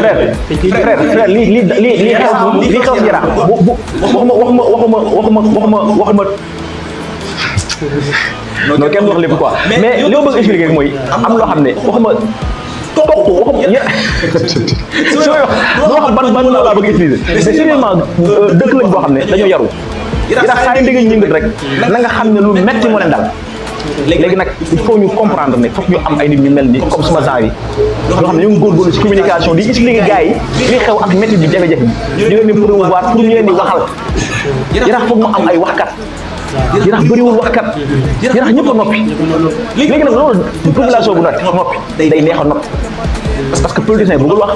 Fred, Fred, Fred, lii lii lii lii xew lii xew Yaraax bu waxuma waxuma waxuma waxuma waxuma waxuma non kenn wax lépp quoi li ma bëgg expliquer rek mooy am loo xam ne waxuma toog waxum ya su wax ban ban mot laa bëgg utiliser mais sérieusement dëkk lañ boo xam ne léegi nag il faut ñu comprendre ne foog ñu am ay nit ñu mel ni comme suma genre yi yoo xam ne ñu ngi góorgóorlu ci communication di expliquer gars yi li xew ak métti bi jafe-jafe bi di leen di promouvoir pour ñu leen di waxal Yaraax foog mu am ay waxkat Yaraax bëriwul waxkat Yaraax ñëpp a noppi léegi nag loolu population bu noppi noppi day neex a noppi parce que politicien bëggul wax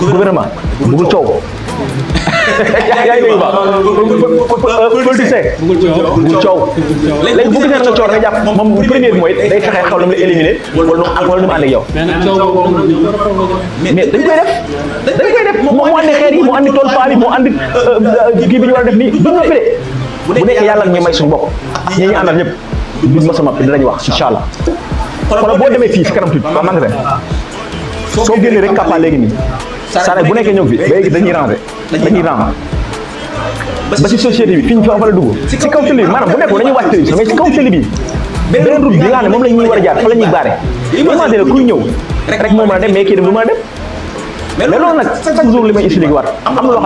gouvernement bëggul coow yaa ngi dégg ba politicien bu coow léegi bu gisee na coow nga jàpp moom bu premier bi mooy day fexe xaw na mu la éliminer wala nu ak wala nu mu ànd yow mais dañ koy def dañ koy def moo andi xeer yi moo andi tool paal moo andi kii bi ñu war a def nii duñ noppi de bu nekkee yàlla ñu may suñu bopp ñi ñu àndal ñëpp duñ ma sama dinañ wax incha allah kon boo demee fii si kanam tuuti waa magasin soo génnee rek kàppaa léegi nii Sané bu nekkee ñoom fi ba équipe dañuy ranger dañuy ba si société bi fi ñu fa fa la dugg si kaw tëli bi maanaam bu nekkul dañuy wàcc tëli mais si kaw tëli bi beneen route bi nga xam ne moom la ñuy war a jaar fa la ñuy baare imagine la a loo xam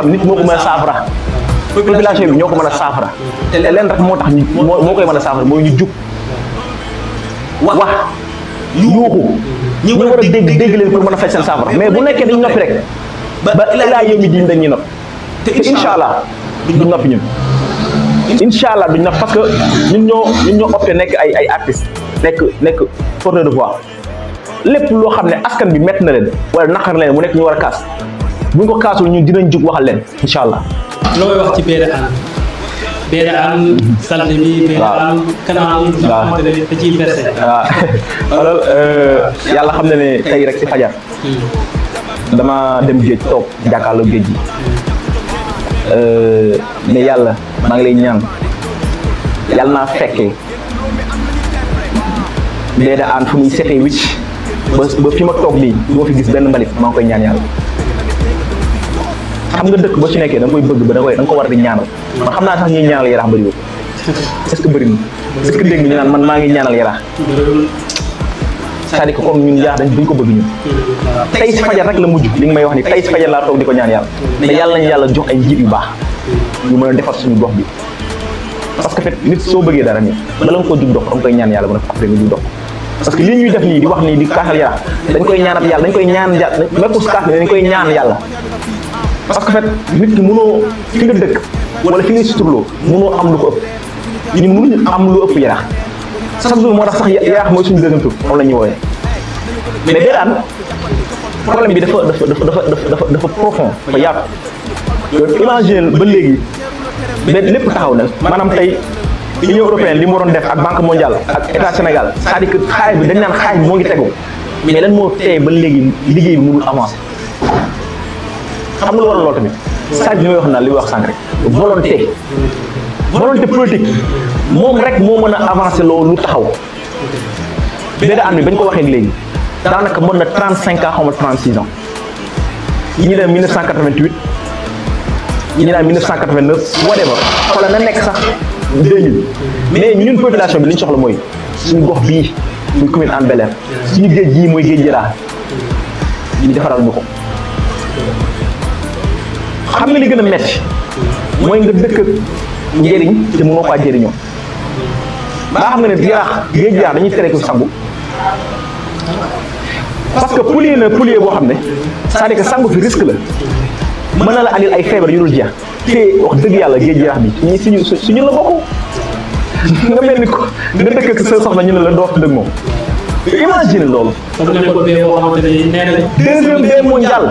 ne nit ko mën a saafara population ñoo ko mën a saafara leen rek moo tax moo koy mën a saafara mooy ñu jub wax yuuxu ñu war a dégg dégg leen pour mën a faj seen saafara mais bu nekkee dañ noppi rek ba ilaa yow di diin dañuy nopp te incha allah duñ noppi ñun incha allah duñ nopp parce que ñun ñoo ñun ñoo nekk ay ay artistes nekk nekk porteur de voix lépp loo xam ne askan bi mett na leen wala naqar leen mu nekk ñu war a kaas bu ñu ko kaasul ñun dinañ jug waxal leen incha allah. looy wax ci Béda Am. Béda mi Béda Am. Kanam mi xamante yàlla xam ne tey rek ci fajar. Hmm. dama dem je top jàkkaarloo geji euh ne yalla ma ngi lay ñaan yalla na fekke dee da an fu muy setee wicc ba ba fi ma tok bi mo fi gis ben mbalit ma ngi koy ñaan yalla xam nga dëkk bo ci nekké da nga koy bëgg ba da nga ko war di ñaanal ma xam na sax ñi ñaanal bari wu est-ce bari ni est-ce que dégg ñu naan man ma ngi ñaanal yaraax sa di ko que comme ñun yaa dañ buñ ko bëgg ñun tey si fajar rek la mujj li nga may wax ni tey si fajar laa toog di ñaan yàlla te yàlla nañu yàlla jox ay njiit yu baax yu mën a suñu gox bi parce que fait nit soo bëggee dara nii bala nga ko jug dox da nga koy ñaan yàlla ba nag après nga dox parce que li ñuy def nii di wax nii di kaaxal yara dañ koy ñaanat yàlla dañ koy ñaan yàlla ya même pour kaas dañ koy ñaan yàlla parce que fait nit ki mënoo fi nga dëkk wala fi ngay suturloo mënoo am lu ko ëpp ñun mënuñu am lu ëpp yara jour tax sax yaax suñu deuxième tour mais Birane problème bi dafa dafa dafa dafa dafa profond dafa yaatu. loolu imagine ba léegi lépp taxaw na maanaam tey. Union européenne li mu waroon def ak banque mondiale ak état Sénégal c'est-à-dire que xaay bi dañ naan xaay bi moo ngi tegu mais lan moo teye ba léegi liggéey bi mënul avancer xam nga lu war a lool tamit saa bi li wax naa li wax sànq rek volonté volonté politique moom rek moo mën a avancer loolu lu taxaw béda an bi bañ ko waxee léegi daanaka mën na 35 ans xaw ma 36 ans ñi dem 1988 ñi naan 1989 whatever wala na nekk sax 2000 mais ñun population bi li ñu soxla mooy suñu gox bii muy commune Hann bel suñu géej gii mooy géej Jara ñu defaral ñu ko xam nga li gën a metti mooy nga dëkk njëriñ te mënoo ko jëriñoo baa xam nga ne yaraax géej yaraax dañuy tere ko sangu parce que poulie na poulie boo xam ne c'est-à-dire que sangu fi risque la mën na la andil ay feebar yu dul jeex te wax dëgg yàlla géej yaraax bi su suñu suñu la bokk nga mel ni ko nga dëkk ak sa soxna ñu ne la doo wax dëgg moom imagine loolu. dafa nekkoon bee boo xamante ne nee na deuxième bee mondial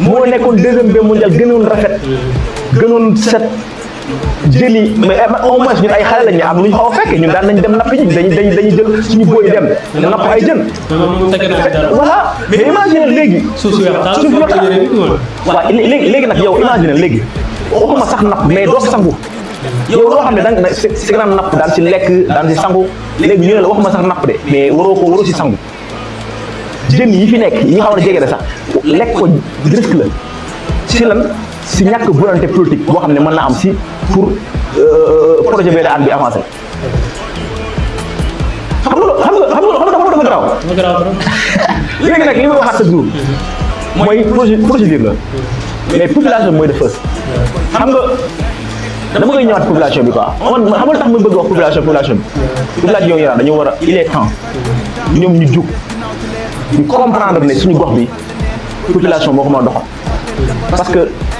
moo nekkoon deuxième set. jëli eh, mais au moins ay xale lañ ñu am lu ñu xaw a fekke daan nañ dem napp ji dañ dañuy jël suñu booy dem napp ay jën voilà mais imagine léegi suuf si waxtaan waaw léegi léegi nag yow imagine léegi waxuma sax napp mais doo sangu yow loo xam ne da nga si nga naan napp daan si lekk daan si sangu léegi ñu ne la waxuma sax napp de mais waroo ko waroo si sangu jën yi fi nekk yi nga xam ne jege de sax lekk ko risque la si lan si ñak volonté politique bo xamné ne mën am si pour euh projet bi la am bi avancé xam nga xam nga xam nga xam nga dafa garaaw. dafa garaaw léegi nag li may waxaat sa jour mooy projet procédure la mais population mooy de fës xam nga dama koy ñëwaat population bi quoi man xam nga tax ma bëgg wax population population bi population yi dañu wara il est temps ñom ñu jug ñu comprendre né suñu gox bi population moko ma doxal parce que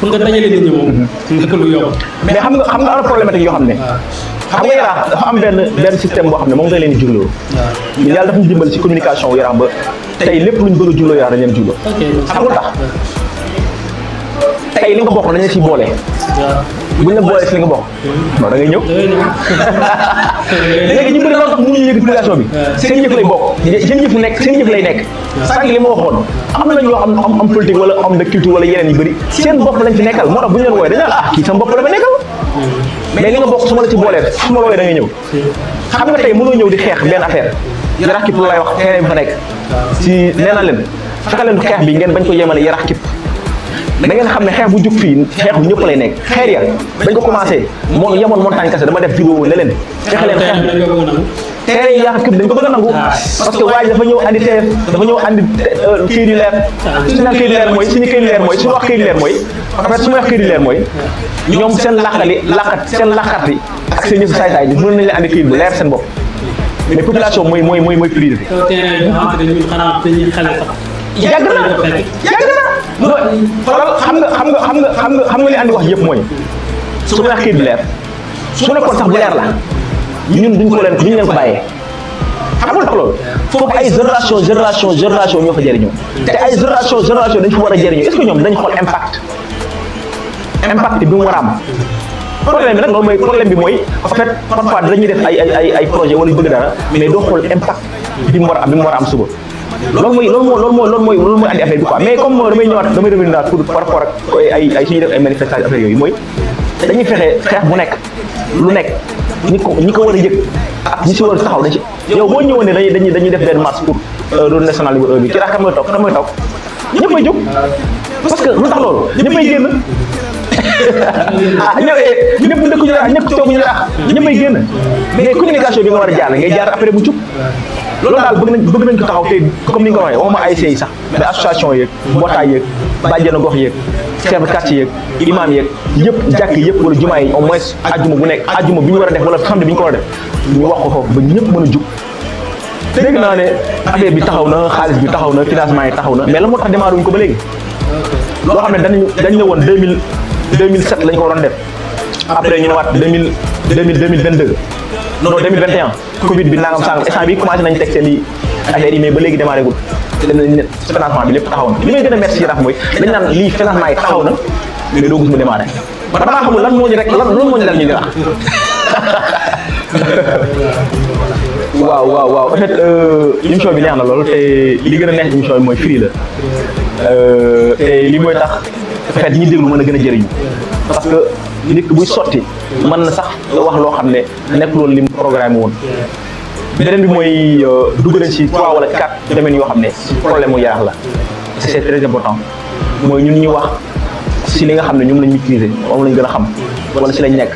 pour nga dajale nit ñi moom. Mhm. nekk lu yomb. mais xam nga xam nga am na problématique yoo xam ne. Ah. xam nga yaraax dafa am benn benn système boo xam ne moom nga leen di jugloo. waaw ah. yàlla dafa ñu dimbali ci communication yaraax ba. tey lépp lu ñu bëgg a jugloo yaraax dañ leen jugloo. xam nga tax. Ah. tey li nga bokk dañu ciy boole. buñ la boolee si li nga bokk. non da ngay ñëw. léegi ñu bëri loolu tax mënuñu yëg population bi. seen yëf lay bokk. seen yëf nekk seen yëf lay nekk. sànq li ma waxoon am nañ yoo xam am am politique wala am de culture wala yeneen yu bëri seen bopp lañ fi nekkal moo tax bu ñu leen wooyee dañu ah kii sama bopp la ma nekkal. mais li nga bokk su ma la ci boolee su la wooyee da ñëw. xam nga tey mënoo ñëw di xeex benn affaire. yarax képp lay wax terrain bi fa nekk. ci nee naa leen fexe bi ngeen bañ ko yemale yarax da ngeen xam ne xeex bu jóg fii xeex bu ñëpp lay nekk xeer ya dañ ko commencé moo yemoon montagne kase dama def vidéo ne leen leen xeex teer dañ ko bëgg nangu ah. parce que waa ji dafa ñëw andi teer dafa ñëw andi euh, këyit leer ah. suñu naan këyit leer mooy suñu këyit yu leer mooy suñu wax këyit yu leer mooy en fait su ma wax këyit mooy seen làqali làqat ak seen ñëpp saay saay bi leen andi këyit leer seen bopp mais population mooy mooy mooy mooy privé bi yàgg na yàgg xam nga xam nga xam nga xam nga xam nga li andi wax yépp mooy su ma xiit leer su nekkoon sax bu leer la kamu duñ ko leen duñ leen ko bàyyee xamul tax loolu foofu ay génération génération génération ñoo fa jëriñoo te ay génération a impact impact bi mu war a am problème bi nag loolu mooy problème bi mooy en fait parfois dañuy def ay ay ay impact bi mu war a am bi a loolu mooy loolu moo loolu moo loolu mooy loolu mooy andi affaire bi quoi mais comme damay ñëwaat damay revenir pour par ay ay suñuy def ay manifestation affaire yooyu mooy dañuy fexe xeex bu nekk lu nekk ñi ko ñi ko war a yëg ak ñi si war a taxaw dañ ci yow boo ne dañuy dañuy dañuy def benn marche euh, bi ci rax kan mooy parce que lu tax loolu may génn ah ñë eh, ñëpp dëkk ñu la ñëpp toog ñu la ñëppay génn mais communication bi nga war a jaar ngay jaar après bu jub loolu daal bëgg nañ bëgg nañ ko taxaw te comme ni nga ko waxee waxuma ay ASC sax mais association yeeg mbootaay yeeg bàjjenu gox yeeg chef de quartier yeeg imaam yeeg yëpp jàkk yëpp wala jumaa yi au moins ajjuma bu nekk ajjuma bi ñu war a def wala xam ne bi ñu ko war a def ñu wax ko foofu ba ñëpp mën a jug dégg naa ne affaire bi taxaw na xaalis bi taxaw na financement yi taxaw na mais la moo tax démarré wuñ ko ba léegi loo xam ne dañ dañ ne woon deux mille deux mille sept lañ ko après ñu ne waat deux mille deux mille deux mille vingt deux non deux mille i dem nañu ne financement lépp taxaw na a merci Yaraax mooy dañ naan lii financement yi taxaw na mais doo gis mu démarré man damaa xamul lan moo rek lan loolu moo ñu dal waaw waaw waaw en fait euh, bi neex na lool te li gën a neex émission bi mooy free la euh, te li mooy tax en fait ñi déglu mën a gën a jëriñu parce que nit buy sotti man na sax wax loo xam ne nekk loolu lim programme woon beneen bi mooy euh, dugg nañ ci trois wala quatre domaines yoo xam ne problème mu yaraax la c'est très important mooy ñun ñu wax si li nga xam ne ñoom lañ maîtriser moom lañ gën a xam wala si lañ nekk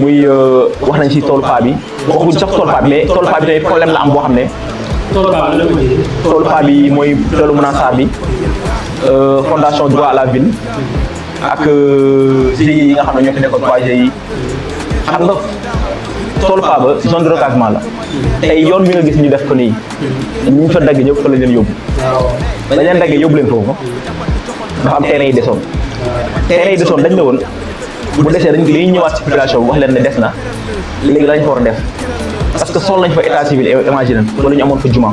muy euh, wax nañ si toolu paa bi waxuñ sax toolu paa bi mais toolu paa bi tamit problème la am boo xam ne toolu paa bi mooy toolu Manansar bi euh, fondation droit à la ville ak euh, GIE yi nga xam ne ñoo fi nekkoon waa GIE yi xam nga toolu paa ba zone la tey yoon wi nga gis ñu def ko nii ñu fa dagg ñëpp fa la leen yóbbu dañ leen daggee yóbbu leen foofu dafa am terrain yi desoon terrain yi desoon dañ ne woon bu desee dañ li ñëwaat ci wax leen ne des na léegi dañ ko war def parce que sol nañ fa état civil imagine wala ñu amoon fa juma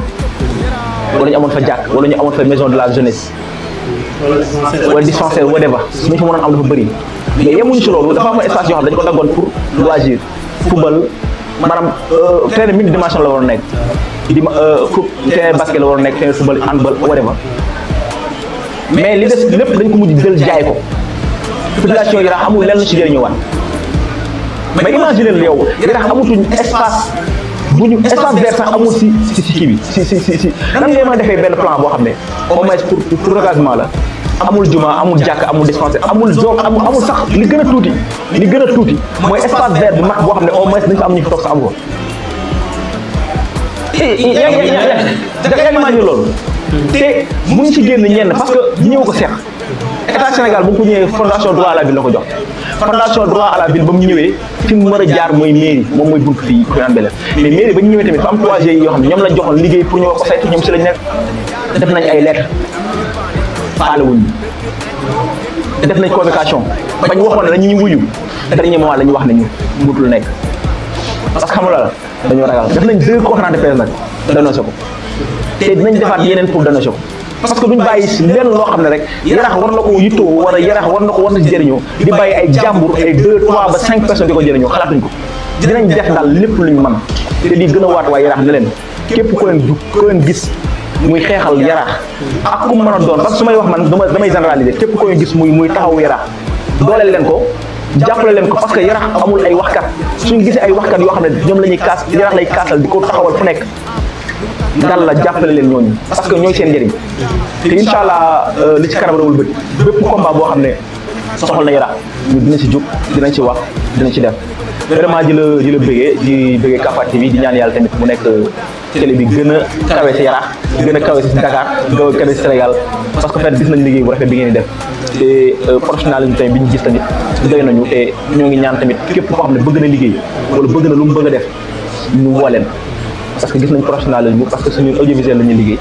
wala ñu amoon fa jàkk wala ñu amoon fa maison de la jeunesse wala dispensaire whatever suñu fa mënoon am dafa bëri mais yemuñ ci loolu dafa am espace yoo xam dañu ko daggoon pour loisir football maanaam euh, terrain mini dimension la waroon nekk di euh, terrain basket la waroon nekk terrain football handball whatever mais li des lépp dañ ko mujj jël jaay ko population Yaraax amul lenn ci jëriñu waan mais imagine yow Yaraax amutuñ espace bu ñu espace vert sax amul si si si kii bi si si si si nan ngay mën a defee benn plan boo xam ne au moins pour pour engagement la amul juma amul jàkk amul dispensaire amul joog amul amul sax li gën a tuuti li gën a tuuti mooy espace vert bu mag boo xam ne au moins dañ fa am ñu fi toog sax amul ko yaa yaa yaa yaa yaa yaa loolu te mu ngi si génn ñenn parce que ñëw ko seex état Sénégal boo ko ñëwee fondation droit à la ville la ko jox fondation droit a la ville ba mu ñëwee fi mu mën jaar mooy mairie moom mooy buntu fii Koungheul Mbélé mais mairie ba ñu ñëwee tamit fa am trois yoo xam ne ñoom lañ joxoon liggéey pour ñu def nañ ay lettres faale wuñ te def nañ convocation bañ waxoon ne dañuy wuyu dernier mois la ñu wax ne ñu mutul nekk parce que xam nga la dañoo ragal def nañ deux conférences de presse nag dénoncé ko te dinañ defaat yeneen pour a ko. parce que duñ bàyyi si lenn loo xam ne rek yaraax war na ko yittoo wala yaraax war na ko war na jëriñoo di bàyyi ay jàmbur ay deux trois ba cinq ñu mën te di gën a leen képp muy xeexal yaraax ak ku mu mën a doon parce su may wax man dama damay généraliser képp ko leen gis muy muy taxaw yaraax dooleel leen ko jàppale leen ko parce que yaraax amul ay wax waxkat suñu gisee ay waxkat yoo xam ne ñoom la ñu kaas yaraax lay kaasal di ko taxawal fu nekk dal la jàppale leen ñooñu parce que ñooy seen njëriñ te incha allah euh, li ci kanam rawul bët bépp combat boo xam ne soxal na Yaraax ñu dina si jóg dinañ ci wax dinañ ci def vraiment di la di la bëggee di bëggee Capa TV di ñaan yàlla tamit bu nekk euh, télé bi gën a kawe si Yaraax gën a kawe si Dakar gën a kawe si Sénégal parce que fait gis nañ liggéey bu rafet bi ngeen di def te euh, professionnalisme tamit bi ñu gis tamit doy nañu te ñoo ngi ñaan tamit képp koo xam ne bëgg na liggéey wala bëgg na lu mu bëgg a def woo leen parce que gis nañ professionnalisme parce que suñu audiovisuel la ñuy liggéey.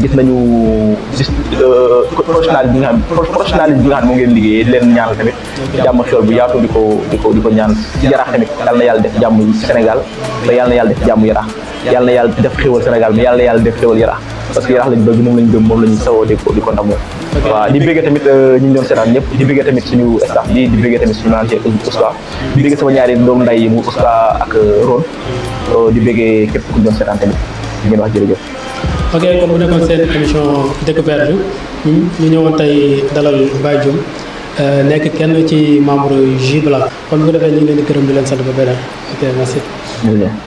te gis nañu gis euh, professionnalisme bi nga xam professionnalisme bi nga xam moom ngeen liggéeyee leen ñaanal tamit. jàmm xel bu yaatu di ko di ko di ko ñaan yaraax tamit def jàmm Sénégal mais yal na yàlla jàmm yaraax yal na yàlla def xéwal Sénégal mais yal def xéwal yaraax parce que yaraax lañ bëgg moom lañ gëm moom la ñuy di ko di ko ndamoo waaw di bëgg tamit eh, ñi doon seetaan ñëpp di bëgg tamit suñu staff di di bëgg tamit suñu lancé Ouska di bëgg sama ñaari doom nday mu Ouska ak eh, Ron oh, di bëgg képp ku doon seetaan tamit di ngeen wax jërëjëf ok kon bu nekkoon seen émission découverte bi ñu ñëwoon tey dalal Baye Dioum nekk kenn ci membre J Black kon bu defee ñu ngi leen di gërëm di leen sant ba beneen ok merci